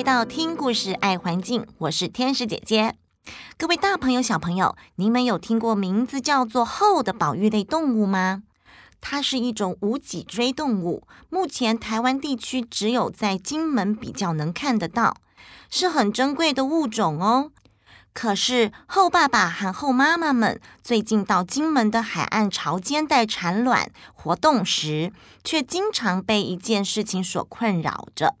來到聽故事愛環境，我是天使姐姐。各位大朋友、小朋友，你們有聽過名字叫做“鱟”的保育類動物嗎？它是一種無脊椎動物，目前台灣地區只有在金門比較能看得到，是很珍貴的物種哦。可是鱟爸爸和鱟媽媽們最近到金門的海岸潮間帶產卵活動時，卻經常被一件事情所困擾着。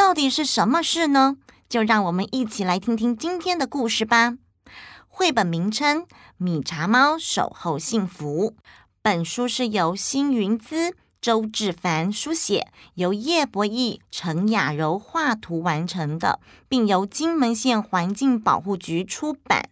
到底是什麼事呢？就讓我們一起來聽聽今天的故事吧。繪本名稱《米茶貓守鱟幸福》，本書是由辛昀諮、周致帆書寫，由葉柏毅、程雅柔畫圖完成的，並由金門縣環境保護局出版。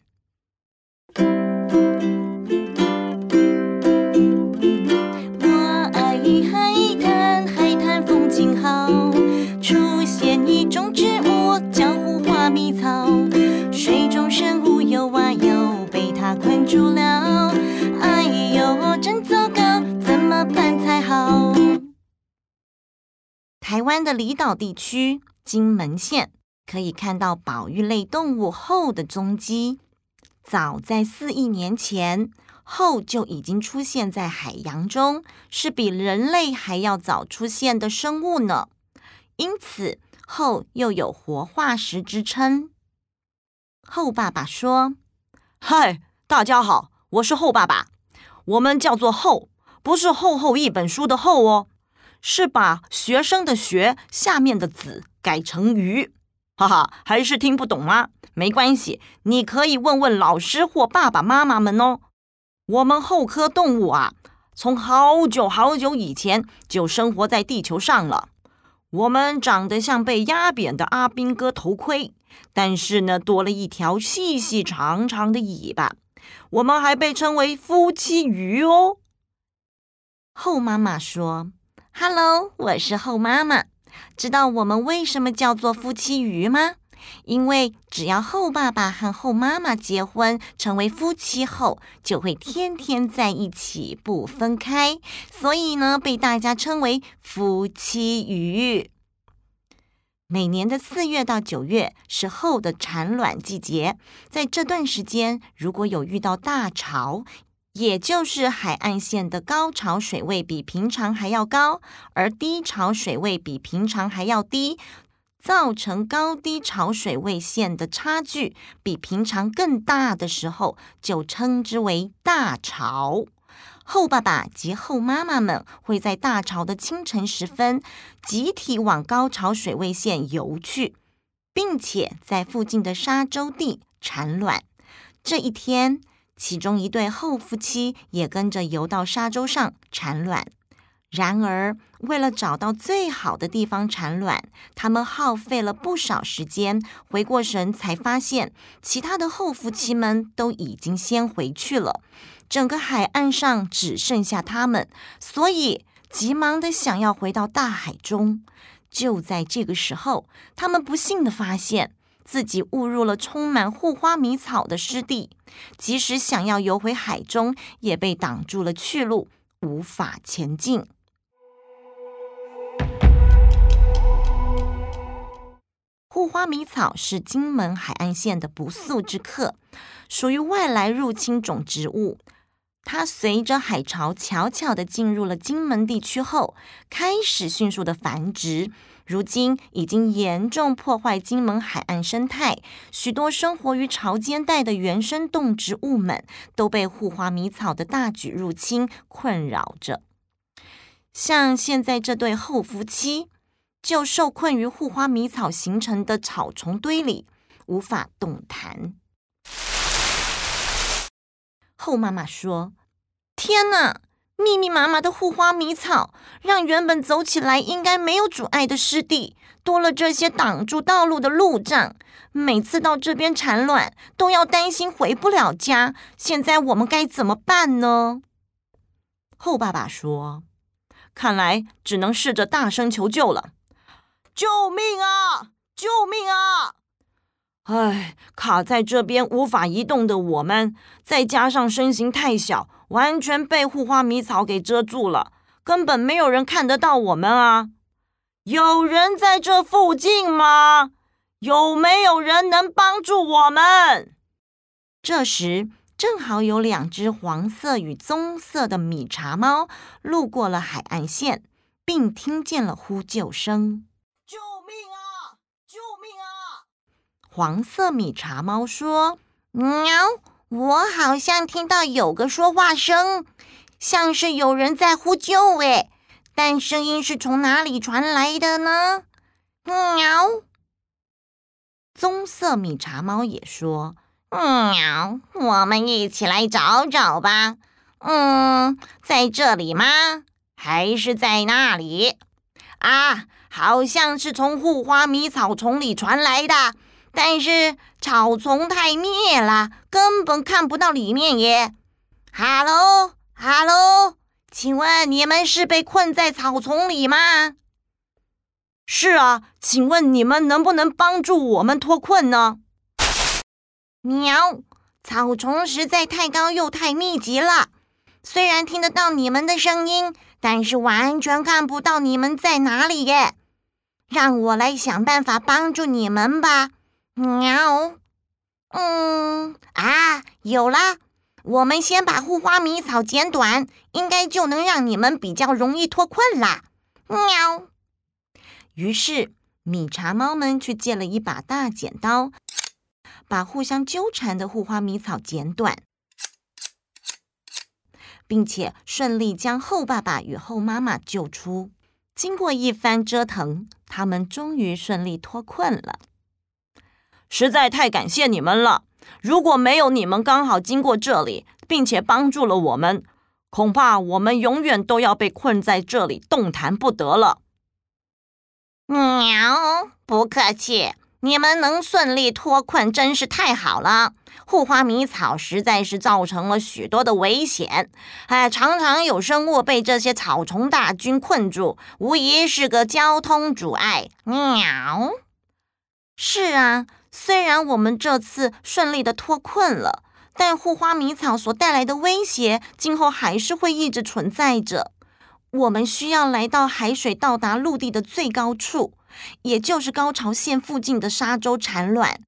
台灣的離島地區，金門縣可以看到保育類動物鱟的蹤跡，早在四億年前，鱟就已經出現在海洋中，是比人類還要早出現的生物呢。因此，鱟又有活化石之稱。鱟爸爸說：“嗨，hey, 大家好，我是鱟爸爸，我們叫做鱟，不是厚厚一本書的厚哦。”是把學生的「學」下面的「子」改成「魚」，哈哈，還是聽不懂嗎？沒關係，你可以問問老師或爸爸媽媽們哦。我們鱟科動物啊，從好久好久以前就生活在地球上了。我們長得像被壓扁的阿兵哥頭盔，但是呢，多了一條細細長長的尾巴。我們還被稱為夫妻魚哦。鱟媽媽說。Hello，我是鱟媽媽。知道我們為什麼叫做夫妻魚嗎？因為只要鱟爸爸和鱟媽媽結婚成為夫妻後，就會天天在一起不分開，所以呢，被大家稱為夫妻魚。每年的四月到九月是鱟的產卵季節，在這段時間，如果有遇到大潮，也就是海岸線的高潮水位比平常還要高，而低潮水位比平常還要低，造成高低潮水位線的差距比平常更大的時候，就稱之為大潮。鱟爸爸及鱟媽媽們會在大潮的清晨時分，集體往高潮水位線游去，並且在附近的沙洲地產卵。這一天，其中一對鱟夫妻也跟着游到沙洲上產卵，然而為了找到最好的地方產卵，他們耗費了不少時間。回過神才發現，其他的鱟夫妻們都已經先回去了，整個海岸上只剩下他們，所以急忙的想要回到大海中。就在這個時候，他們不幸的發現。自己誤入了充滿互花米草的濕地，即使想要游回海中，也被擋住了去路，無法前進。互花米草是金門海岸線的不速之客，屬於外來入侵種植物。它隨着海潮悄悄的進入了金門地區後，開始迅速的繁殖。如今已經嚴重破壞金門海岸生態，許多生活於潮間帶的原生動植物們都被互花米草的大舉入侵困擾着。像現在這對鱟夫妻，就受困於互花米草形成的草叢堆裡，無法動彈。鱟媽媽說：“天哪！”密密麻麻的互花米草，讓原本走起來應該沒有阻礙的濕地，多了這些擋住道路的路障。每次到這邊產卵，都要擔心回不了家。現在我們該怎麼辦呢？鱟爸爸說：“看來只能試着大聲求救了！救命啊！救命啊！”哎，卡在這邊無法移動的我們，再加上身形太小。完全被互花米草給遮住了，根本沒有人看得到我們啊！有人在這附近嗎？有沒有人能幫助我們？這時，正好有兩隻黃色與棕色的米茶貓路過了海岸線，並聽見了呼救聲：“救命啊！救命啊！”黃色米茶貓說：“喵。”我好像聽到有個說話聲，像是有人在呼救哎，但聲音是從哪裡傳來的呢？嗯、喵！棕色米茶貓也說、嗯、喵，我們一起來找找吧。嗯，在這裡嗎？還是在那裡？啊，好像是從互花米草叢裡傳來的。但是草叢太密了，根本看不到裡面耶。Hello，Hello，Hello? 請問你們是被困在草叢裡嗎？是啊，請問你們能不能幫助我們脫困呢？喵，草叢實在太高又太密集了，雖然聽得到你們的聲音，但是完全看不到你們在哪裡耶。讓我來想辦法幫助你們吧。喵，嗯啊，有了！我們先把互花米草剪短，應該就能讓你們比較容易脫困啦。喵！於是，米茶貓們去借了一把大剪刀，把互相糾纏的互花米草剪短，並且順利將鱟爸爸與鱟媽媽救出。經過一番折騰，他們終於順利脫困了。實在太感謝你們了！如果沒有你們剛好經過這裡，並且幫助了我們，恐怕我們永遠都要被困在這裡，動彈不得了。喵，不客氣，你們能順利脫困真是太好了。互花米草實在是造成了許多的危險，哎，常常有生物被這些草叢大軍困住，無疑是個交通阻礙。喵，是啊。雖然我們這次順利的脫困了，但互花米草所帶來的威脅今後還是會一直存在着。我們需要來到海水到達陸地的最高處，也就是高潮線附近的沙洲產卵，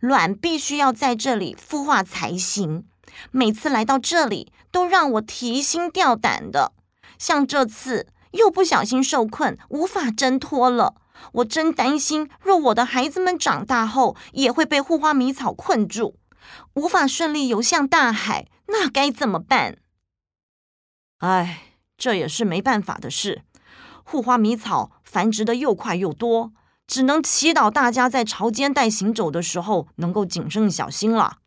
卵必須要在這裡孵化才行。每次來到這裡都讓我提心吊膽的，像這次又不小心受困，無法掙脫了。我真擔心，若我的孩子們長大後也會被互花米草困住，無法順利游向大海，那該怎麼辦？唉，這也是沒辦法的事。互花米草繁殖的又快又多，只能祈禱大家在潮間帶行走的時候能夠謹慎小心了。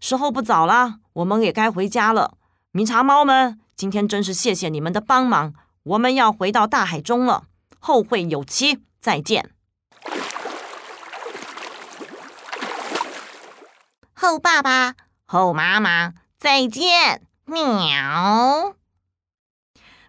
時候不早了，我們也該回家了。米茶貓們，今天真是謝謝你們的幫忙，我們要回到大海中了。後會有期，再見。鱟爸爸、鱟媽媽，再見！喵。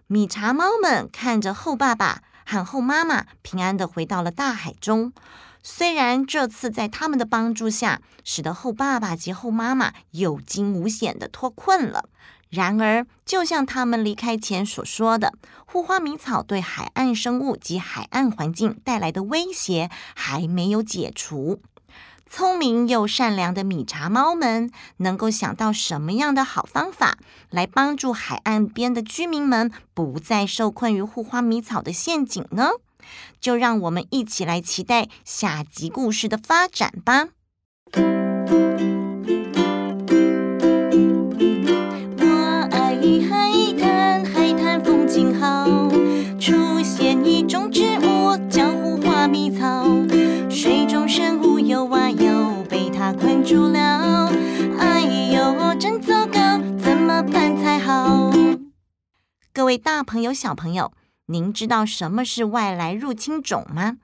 米茶貓們看着鱟爸爸和鱟媽媽平安的回到了大海中，雖然這次在他們的幫助下，使得鱟爸爸及鱟媽媽有驚無險的脫困了。然而，就像他們離開前所說的，互花米草對海岸生物及海岸環境帶來的威脅還沒有解除。聰明又善良的米茶貓們能夠想到什麼樣的好方法來幫助海岸邊的居民們不再受困於互花米草的陷阱呢？就讓我們一起來期待下集故事的發展吧。各位大朋友、小朋友，您知道什麼是外來入侵種嗎？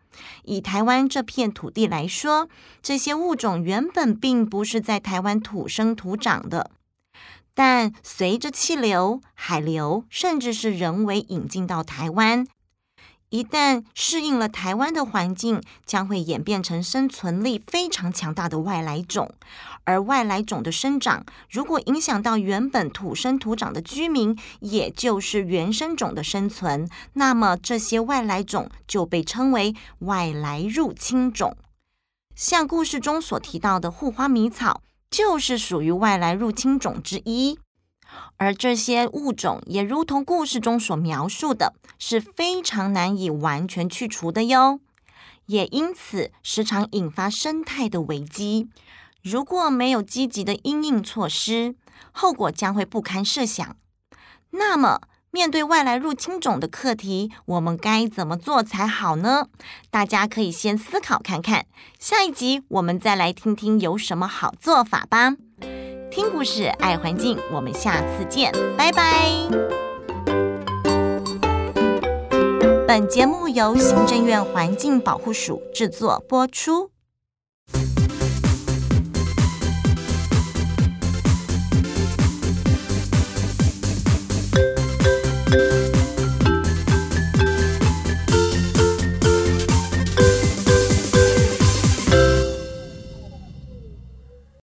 以台灣這片土地來說，這些物種原本並不是在台灣土生土長的，但隨着氣流、海流，甚至是人為引進到台灣。一旦適應了台灣的環境，將會演變成生存力非常強大的外來種。而外來種的生長，如果影響到原本土生土長的居民，也就是原生種的生存，那麼這些外來種就被稱為外來入侵種。像故事中所提到的互花米草，就是屬於外來入侵種之一。而這些物種也如同故事中所描述的，是非常難以完全去除的喲。也因此，時常引發生態的危機。如果沒有積極的因應措施，後果將會不堪設想。那麼，面對外來入侵種的課題，我們該怎麼做才好呢？大家可以先思考看看，下一集我們再來聽聽有什麼好做法吧。聽故事，愛環境，我們下次見，拜拜。本節目由行政院環境保護署製作播出。